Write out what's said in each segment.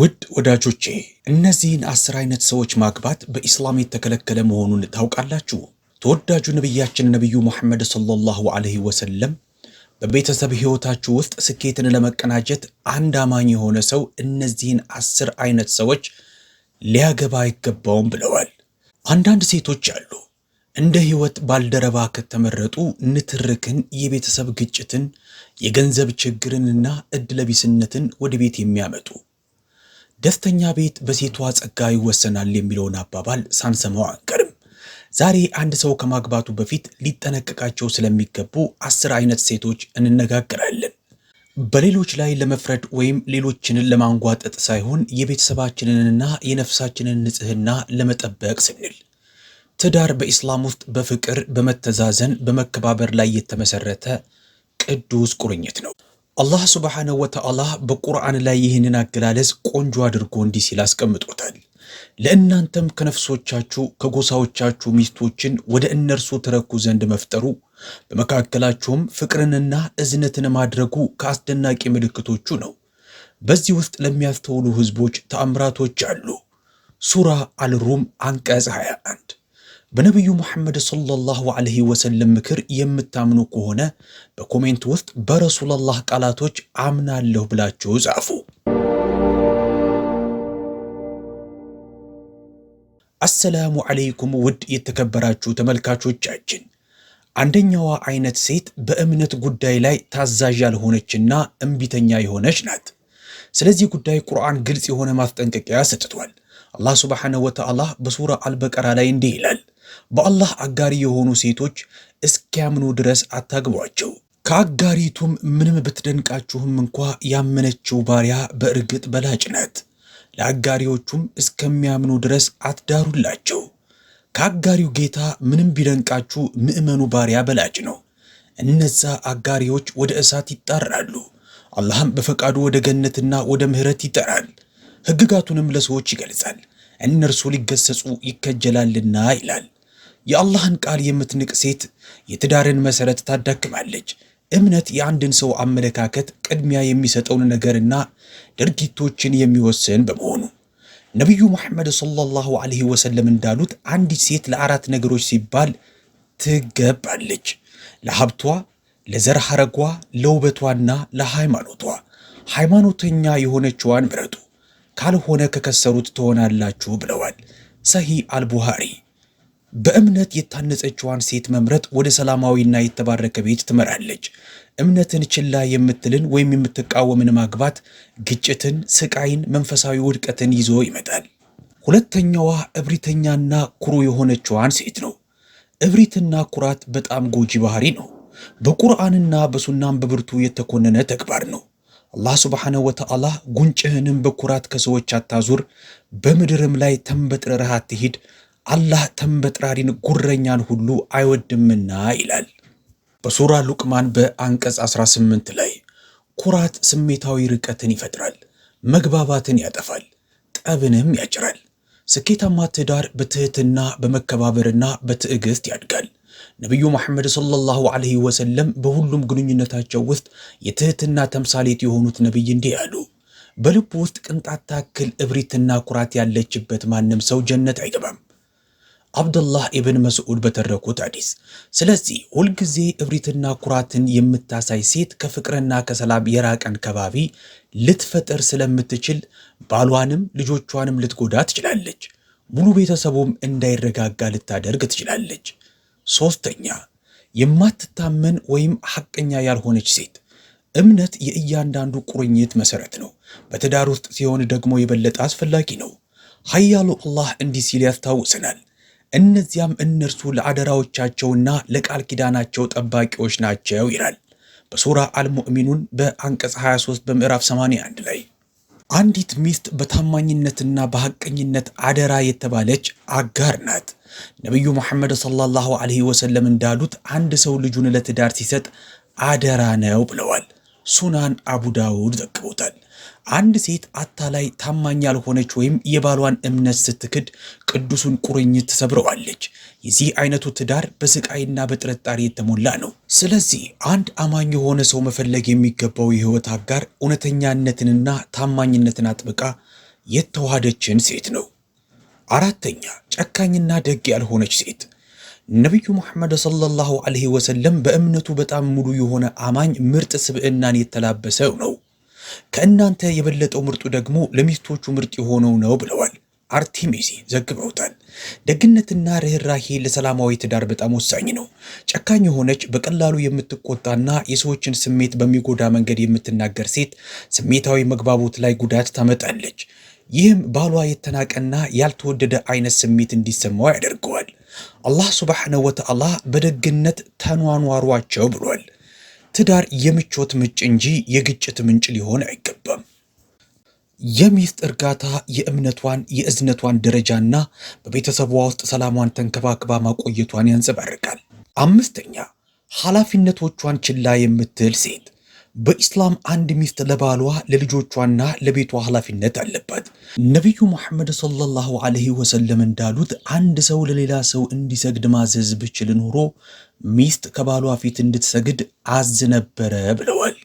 ውድ ወዳጆቼ እነዚህን አስር አይነት ሰዎች ማግባት በኢስላም የተከለከለ መሆኑን ታውቃላችሁ? ተወዳጁ ነቢያችን ነቢዩ ሙሐመድ ሰለላሁ ዐለይሂ ወሰለም በቤተሰብ ሕይወታችሁ ውስጥ ስኬትን ለመቀናጀት አንድ አማኝ የሆነ ሰው እነዚህን አስር አይነት ሰዎች ሊያገባ አይገባውም ብለዋል። አንዳንድ ሴቶች አሉ እንደ ሕይወት ባልደረባ ከተመረጡ ንትርክን፣ የቤተሰብ ግጭትን፣ የገንዘብ ችግርንና እድለቢስነትን ወደ ቤት የሚያመጡ ደስተኛ ቤት በሴቷ ጸጋ ይወሰናል የሚለውን አባባል ሳንሰማው አንቀርም። ዛሬ አንድ ሰው ከማግባቱ በፊት ሊጠነቀቃቸው ስለሚገቡ አስር አይነት ሴቶች እንነጋገራለን። በሌሎች ላይ ለመፍረድ ወይም ሌሎችንን ለማንጓጠጥ ሳይሆን የቤተሰባችንንና የነፍሳችንን ንጽህና ለመጠበቅ ስንል ትዳር በኢስላም ውስጥ በፍቅር፣ በመተዛዘን፣ በመከባበር ላይ የተመሰረተ ቅዱስ ቁርኝት ነው። አላህ ስብሓነሁ ወተዓላ በቁርአን ላይ ይህንን አገላለጽ ቆንጆ አድርጎ እንዲህ ሲል አስቀምጦታል። ለእናንተም ከነፍሶቻችሁ ከጎሳዎቻችሁ ሚስቶችን ወደ እነርሱ ትረኩ ዘንድ መፍጠሩ በመካከላችሁም ፍቅርንና እዝነትን ማድረጉ ከአስደናቂ ምልክቶቹ ነው። በዚህ ውስጥ ለሚያስተውሉ ህዝቦች ተአምራቶች አሉ። ሱራ አልሩም አንቀጽ 21 በነቢዩ ሙሐመድ ሰለላሁ ዐለይሂ ወሰለም ምክር የምታምኑ ከሆነ በኮሜንት ውስጥ በረሱላላህ ቃላቶች አምናለሁ ብላችሁ ጻፉ። አሰላሙ ዐለይኩም ውድ የተከበራችሁ ተመልካቾቻችን፣ አንደኛዋ አይነት ሴት በእምነት ጉዳይ ላይ ታዛዥ ያልሆነችና እምቢተኛ የሆነች ናት። ስለዚህ ጉዳይ ቁርአን ግልጽ የሆነ ማስጠንቀቂያ ሰጥቷል። አላህ ሱብሓነሁ ወተዓላ በሱራ አልበቀራ ላይ እንዲህ ይላል በአላህ አጋሪ የሆኑ ሴቶች እስኪያምኑ ድረስ አታግቧቸው። ከአጋሪቱም ምንም ብትደንቃችሁም እንኳ ያመነችው ባሪያ በእርግጥ በላጭ ነት። ለአጋሪዎቹም እስከሚያምኑ ድረስ አትዳሩላቸው። ከአጋሪው ጌታ ምንም ቢደንቃችሁ ምዕመኑ ባሪያ በላጭ ነው። እነዛ አጋሪዎች ወደ እሳት ይጣራሉ። አላህም በፈቃዱ ወደ ገነትና ወደ ምሕረት ይጠራል። ሕግጋቱንም ለሰዎች ይገልጻል። እነርሱ ሊገሰጹ ይከጀላልና ይላል። የአላህን ቃል የምትንቅ ሴት የትዳርን መሠረት ታዳክማለች። እምነት የአንድን ሰው አመለካከት ቅድሚያ የሚሰጠውን ነገርና ድርጊቶችን የሚወስን በመሆኑ ነቢዩ ሙሐመድ ሰለላሁ ዐለይሂ ወሰለም እንዳሉት አንዲት ሴት ለአራት ነገሮች ሲባል ትገባለች፤ ለሀብቷ፣ ለዘር ሐረጓ፣ ለውበቷና ለሃይማኖቷ። ሃይማኖተኛ የሆነችዋን ምረጡ። ካልሆነ ከከሰሩት ትሆናላችሁ ብለዋል። ሰሂ አልቡሃሪ በእምነት የታነጸችዋን ሴት መምረጥ ወደ ሰላማዊና የተባረከ ቤት ትመራለች። እምነትን ችላ የምትልን ወይም የምትቃወምን ማግባት ግጭትን፣ ስቃይን፣ መንፈሳዊ ውድቀትን ይዞ ይመጣል። ሁለተኛዋ እብሪተኛና ኩሩ የሆነችዋን ሴት ነው። እብሪትና ኩራት በጣም ጎጂ ባህሪ ነው። በቁርአንና በሱናም በብርቱ የተኮነነ ተግባር ነው። አላህ ስብሓንሁ ወተዓላ ጉንጭህንም በኩራት ከሰዎች አታዙር፣ በምድርም ላይ ተንበጥረረህ አትሂድ፣ አላህ ተንበጥራሪን ጉረኛን ሁሉ አይወድምና ይላል በሱራ ሉቅማን በአንቀጽ 18 ላይ። ኩራት ስሜታዊ ርቀትን ይፈጥራል፣ መግባባትን ያጠፋል፣ ጠብንም ያጭራል። ስኬታማ ትዳር በትህትና በመከባበርና በትዕግስት ያድጋል። ነቢዩ መሐመድ ሰለላሁ ዐለይሂ ወሰለም በሁሉም ግንኙነታቸው ውስጥ የትህትና ተምሳሌት የሆኑት ነቢይ እንዲህ አሉ። በልቡ ውስጥ ቅንጣት ታክል እብሪትና ኩራት ያለችበት ማንም ሰው ጀነት አይገባም። አብደላህ ኢብን መስዑድ በተረኩት ሐዲስ። ስለዚህ ሁልጊዜ እብሪትና ኩራትን የምታሳይ ሴት ከፍቅርና ከሰላም የራቀን ከባቢ ልትፈጥር ስለምትችል ባሏንም ልጆቿንም ልትጎዳ ትችላለች። ሙሉ ቤተሰቡም እንዳይረጋጋ ልታደርግ ትችላለች። ሶስተኛ የማትታመን ወይም ሐቀኛ ያልሆነች ሴት እምነት የእያንዳንዱ ቁርኝት መሰረት ነው። በትዳር ውስጥ ሲሆን ደግሞ የበለጠ አስፈላጊ ነው። ሀያሉ አላህ እንዲህ ሲል ያስታውሰናል እነዚያም እነርሱ ለአደራዎቻቸውና ለቃል ኪዳናቸው ጠባቂዎች ናቸው ይላል በሱራ አልሙእሚኑን በአንቀጽ 23 በምዕራፍ 81 ላይ አንዲት ሚስት በታማኝነትና በሐቀኝነት አደራ የተባለች አጋር ናት። ነቢዩ ሙሐመድ ሰለላሁ ዐለይሂ ወሰለም እንዳሉት አንድ ሰው ልጁን ለትዳር ሲሰጥ አደራ ነው ብለዋል። ሱናን አቡ ዳውድ ዘግበውታል። አንድ ሴት አታላይ ታማኝ ያልሆነች ወይም የባሏን እምነት ስትክድ ቅዱሱን ቁርኝት ትሰብረዋለች። የዚህ አይነቱ ትዳር በስቃይና በጥርጣሬ የተሞላ ነው። ስለዚህ አንድ አማኝ የሆነ ሰው መፈለግ የሚገባው የህይወት አጋር እውነተኛነትንና ታማኝነትን አጥብቃ የተዋሃደችን ሴት ነው። አራተኛ ጨካኝና ደግ ያልሆነች ሴት ነቢዩ ሙሐመድ ሰለላሁ ዐለይሂ ወሰለም በእምነቱ በጣም ሙሉ የሆነ አማኝ ምርጥ ስብዕናን የተላበሰው ነው። ከእናንተ የበለጠው ምርጡ ደግሞ ለሚስቶቹ ምርጥ የሆነው ነው ብለዋል። አርቴሚሲ ዘግበውታል። ደግነትና ርኅራሄ ለሰላማዊ ትዳር በጣም ወሳኝ ነው። ጨካኝ የሆነች በቀላሉ የምትቆጣና የሰዎችን ስሜት በሚጎዳ መንገድ የምትናገር ሴት ስሜታዊ መግባቦት ላይ ጉዳት ታመጣለች። ይህም ባሏ የተናቀና ያልተወደደ አይነት ስሜት እንዲሰማው ያደርገዋል። አላህ ሱብሓነሁ ወተዓላ በደግነት ተኗኗሯቸው ብሏል። ትዳር የምቾት ምንጭ እንጂ የግጭት ምንጭ ሊሆን አይገባም። የሚስት እርጋታ የእምነቷን የእዝነቷን ደረጃና በቤተሰቧ ውስጥ ሰላሟን ተንከባክባ ማቆየቷን ያንጸባርቃል። አምስተኛ ኃላፊነቶቿን ችላ የምትል ሴት በኢስላም አንድ ሚስት ለባሏ ለልጆቿና ለቤቷ ኃላፊነት አለባት። ነቢዩ መሐመድ ሰለላሁ ዐለይሂ ወሰለም እንዳሉት አንድ ሰው ለሌላ ሰው እንዲሰግድ ማዘዝ ብችል ኖሮ ሚስት ከባሏ ፊት እንድትሰግድ አዝ ነበረ ብለዋል።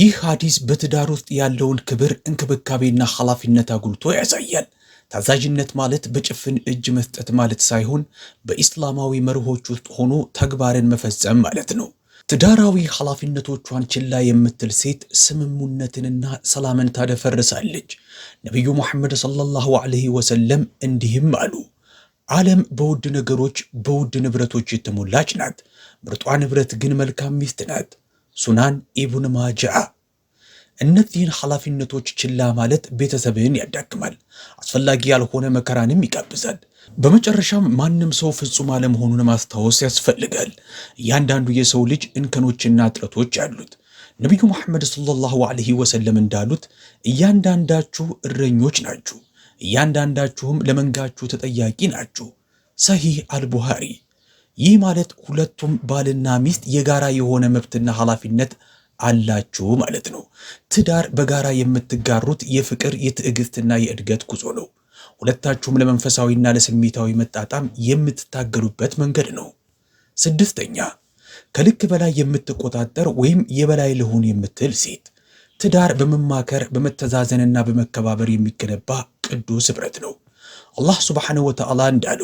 ይህ ሐዲስ በትዳር ውስጥ ያለውን ክብር እንክብካቤና ኃላፊነት አጉልቶ ያሳያል። ታዛዥነት ማለት በጭፍን እጅ መስጠት ማለት ሳይሆን በኢስላማዊ መርሆች ውስጥ ሆኖ ተግባርን መፈጸም ማለት ነው። ትዳራዊ ኃላፊነቶቿን ችላ የምትል ሴት ስምሙነትንና ሰላምን ታደፈርሳለች። ነቢዩ ሙሐመድ ሰለላሁ ዐለይሂ ወሰለም እንዲህም አሉ፣ ዓለም በውድ ነገሮች በውድ ንብረቶች የተሞላች ናት፣ ምርጧ ንብረት ግን መልካም ሚስት ናት። ሱናን ኢብን ማጃ እነዚህን ኃላፊነቶች ችላ ማለት ቤተሰብህን ያዳክማል፣ አስፈላጊ ያልሆነ መከራንም ይጋብዛል። በመጨረሻም ማንም ሰው ፍጹም አለመሆኑን ማስታወስ ያስፈልጋል። እያንዳንዱ የሰው ልጅ እንከኖችና እጥረቶች አሉት። ነቢዩ መሐመድ ሰለላሁ ዐለይሂ ወሰለም እንዳሉት እያንዳንዳችሁ እረኞች ናችሁ፣ እያንዳንዳችሁም ለመንጋችሁ ተጠያቂ ናችሁ። ሰሂህ አልቡሃሪ። ይህ ማለት ሁለቱም ባልና ሚስት የጋራ የሆነ መብትና ኃላፊነት አላችሁ ማለት ነው። ትዳር በጋራ የምትጋሩት የፍቅር የትዕግስትና የእድገት ጉዞ ነው። ሁለታችሁም ለመንፈሳዊና ለስሜታዊ መጣጣም የምትታገሉበት መንገድ ነው። ስድስተኛ ከልክ በላይ የምትቆጣጠር ወይም የበላይ ልሁን የምትል ሴት። ትዳር በመማከር በመተዛዘንና በመከባበር የሚገነባ ቅዱስ ኅብረት ነው። አላህ ሱብሓነሁ ወተዓላ እንዳሉ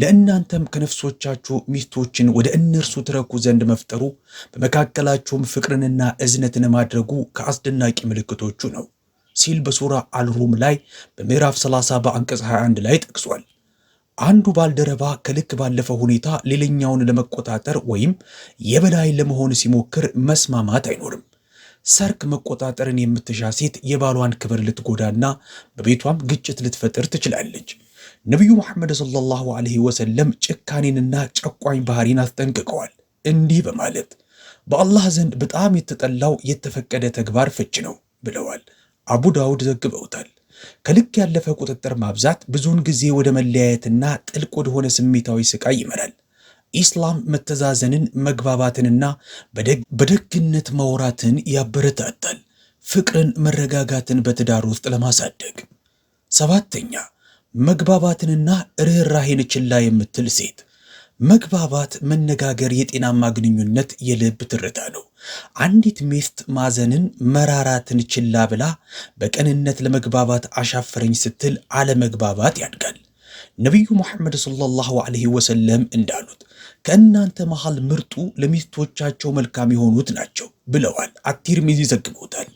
ለእናንተም ከነፍሶቻችሁ ሚስቶችን ወደ እነርሱ ትረኩ ዘንድ መፍጠሩ በመካከላችሁም ፍቅርንና እዝነትን ማድረጉ ከአስደናቂ ምልክቶቹ ነው ሲል በሱራ አልሩም ላይ በምዕራፍ 30 በአንቀጽ 21 ላይ ጠቅሷል። አንዱ ባልደረባ ከልክ ባለፈ ሁኔታ ሌላኛውን ለመቆጣጠር ወይም የበላይ ለመሆን ሲሞክር መስማማት አይኖርም። ሰርክ መቆጣጠርን የምትሻ ሴት የባሏን ክብር ልትጎዳና በቤቷም ግጭት ልትፈጥር ትችላለች። ነቢዩ መሐመድ ሰለላሁ ዐለይሂ ወሰለም ጭካኔንና ጨቋኝ ባህሪን አስጠንቅቀዋል እንዲህ በማለት በአላህ ዘንድ በጣም የተጠላው የተፈቀደ ተግባር ፍች ነው ብለዋል። አቡ ዳውድ ዘግበውታል። ከልክ ያለፈ ቁጥጥር ማብዛት ብዙውን ጊዜ ወደ መለያየትና ጥልቅ ወደሆነ ስሜታዊ ስቃይ ይመራል። ኢስላም መተዛዘንን፣ መግባባትንና በደግነት ማውራትን ያበረታታል። ፍቅርን፣ መረጋጋትን በትዳር ውስጥ ለማሳደግ ሰባተኛ መግባባትንና ርኅራሄን ችላ የምትል ሴት። መግባባት፣ መነጋገር የጤናማ ግንኙነት የልብ ትርታ ነው። አንዲት ሚስት ማዘንን፣ መራራትን ችላ ብላ በቅንነት ለመግባባት አሻፈረኝ ስትል አለመግባባት ያድጋል። ነቢዩ ሙሐመድ ሰለላሁ ዐለይሂ ወሰለም እንዳሉት ከእናንተ መሃል ምርጡ ለሚስቶቻቸው መልካም የሆኑት ናቸው ብለዋል። አቲር ሚዚ ዘግቦታል።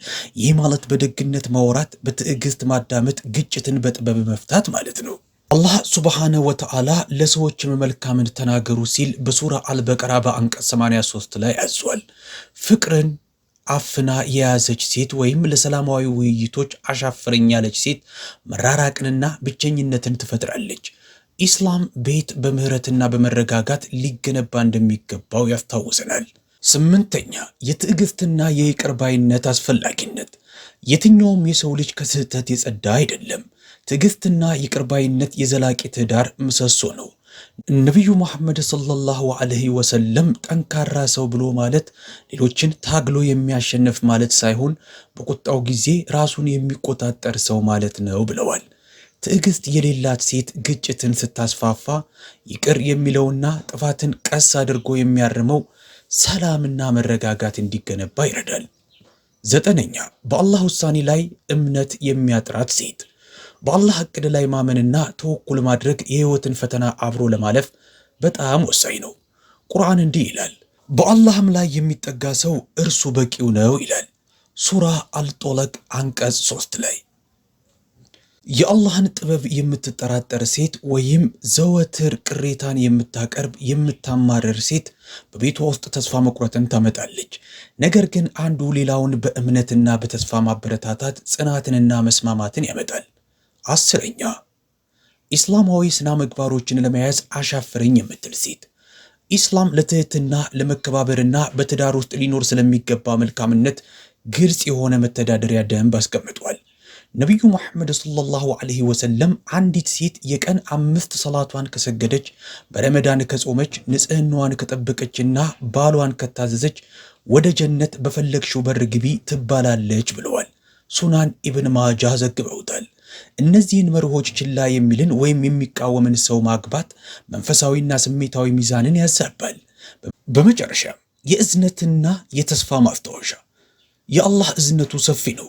ይህ ማለት በደግነት ማውራት፣ በትዕግስት ማዳመጥ፣ ግጭትን በጥበብ መፍታት ማለት ነው። አላህ ሱብሓነሁ ወተዓላ ለሰዎችም መልካምን ተናገሩ ሲል በሱራ አልበቀራ በአንቀጽ 83 ላይ አዟል። ፍቅርን አፍና የያዘች ሴት ወይም ለሰላማዊ ውይይቶች አሻፍረኝ ያለች ሴት መራራቅንና ብቸኝነትን ትፈጥራለች። ኢስላም ቤት በምህረትና በመረጋጋት ሊገነባ እንደሚገባው ያስታውሰናል። ስምንተኛ የትዕግስትና የይቅር ባይነት አስፈላጊነት። የትኛውም የሰው ልጅ ከስህተት የጸዳ አይደለም። ትዕግስትና ይቅር ባይነት የዘላቂ ትዳር ምሰሶ ነው። ነቢዩ መሐመድ ሰለላሁ ዐለይሂ ወሰለም ጠንካራ ሰው ብሎ ማለት ሌሎችን ታግሎ የሚያሸንፍ ማለት ሳይሆን በቁጣው ጊዜ ራሱን የሚቆጣጠር ሰው ማለት ነው ብለዋል። ትዕግስት የሌላት ሴት ግጭትን ስታስፋፋ፣ ይቅር የሚለውና ጥፋትን ቀስ አድርጎ የሚያርመው ሰላምና መረጋጋት እንዲገነባ ይረዳል። ዘጠነኛ በአላህ ውሳኔ ላይ እምነት የሚያጥራት ሴት በአላህ እቅድ ላይ ማመንና ተወኩል ማድረግ የህይወትን ፈተና አብሮ ለማለፍ በጣም ወሳኝ ነው። ቁርአን እንዲህ ይላል፣ በአላህም ላይ የሚጠጋ ሰው እርሱ በቂው ነው ይላል። ሱራ አልጦለቅ አንቀጽ ሶስት ላይ የአላህን ጥበብ የምትጠራጠር ሴት ወይም ዘወትር ቅሬታን የምታቀርብ የምታማረር ሴት በቤቷ ውስጥ ተስፋ መቁረጥን ታመጣለች። ነገር ግን አንዱ ሌላውን በእምነትና በተስፋ ማበረታታት ጽናትንና መስማማትን ያመጣል። አስረኛ ኢስላማዊ ስነ ምግባሮችን ለመያዝ አሻፍረኝ የምትል ሴት ኢስላም ለትህትና ለመከባበርና በትዳር ውስጥ ሊኖር ስለሚገባ መልካምነት ግልጽ የሆነ መተዳደሪያ ደንብ አስቀምጧል። ነቢዩ ሙሐመድ ሰለላሁ ዐለይሂ ወሰለም አንዲት ሴት የቀን አምስት ሰላቷን ከሰገደች በረመዳን ከጾመች ንጽህናዋን ከጠበቀችና ባሏን ከታዘዘች ወደ ጀነት በፈለግሽው በር ግቢ ትባላለች ብለዋል። ሱናን ኢብን ማጃ ዘግበውታል። እነዚህን መርሆች ችላ የሚልን ወይም የሚቃወምን ሰው ማግባት መንፈሳዊና ስሜታዊ ሚዛንን ያዛባል። በመጨረሻ የእዝነትና የተስፋ ማስታወሻ የአላህ እዝነቱ ሰፊ ነው፣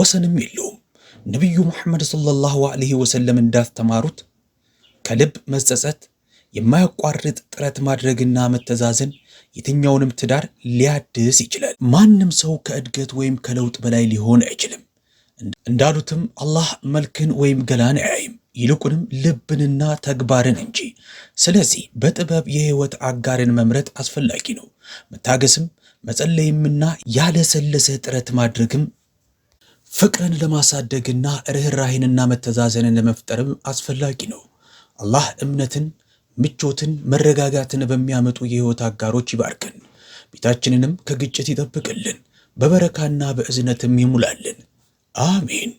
ወሰንም የለውም። ነቢዩ ሙሐመድ ሰለላሁ ዐለይሂ ወሰለም እንዳስተማሩት ከልብ መጸጸት፣ የማያቋርጥ ጥረት ማድረግና መተዛዘን የትኛውንም ትዳር ሊያድስ ይችላል። ማንም ሰው ከእድገት ወይም ከለውጥ በላይ ሊሆን አይችልም። እንዳሉትም አላህ መልክን ወይም ገላን አያይም፣ ይልቁንም ልብንና ተግባርን እንጂ። ስለዚህ በጥበብ የህይወት አጋርን መምረጥ አስፈላጊ ነው። መታገስም መጸለይምና ያለሰለሰ ጥረት ማድረግም ፍቅርን ለማሳደግና ርኅራሄንና መተዛዘንን ለመፍጠርም አስፈላጊ ነው። አላህ እምነትን፣ ምቾትን፣ መረጋጋትን በሚያመጡ የሕይወት አጋሮች ይባርከን። ቤታችንንም ከግጭት ይጠብቅልን። በበረካና በእዝነትም ይሙላልን። አሜን።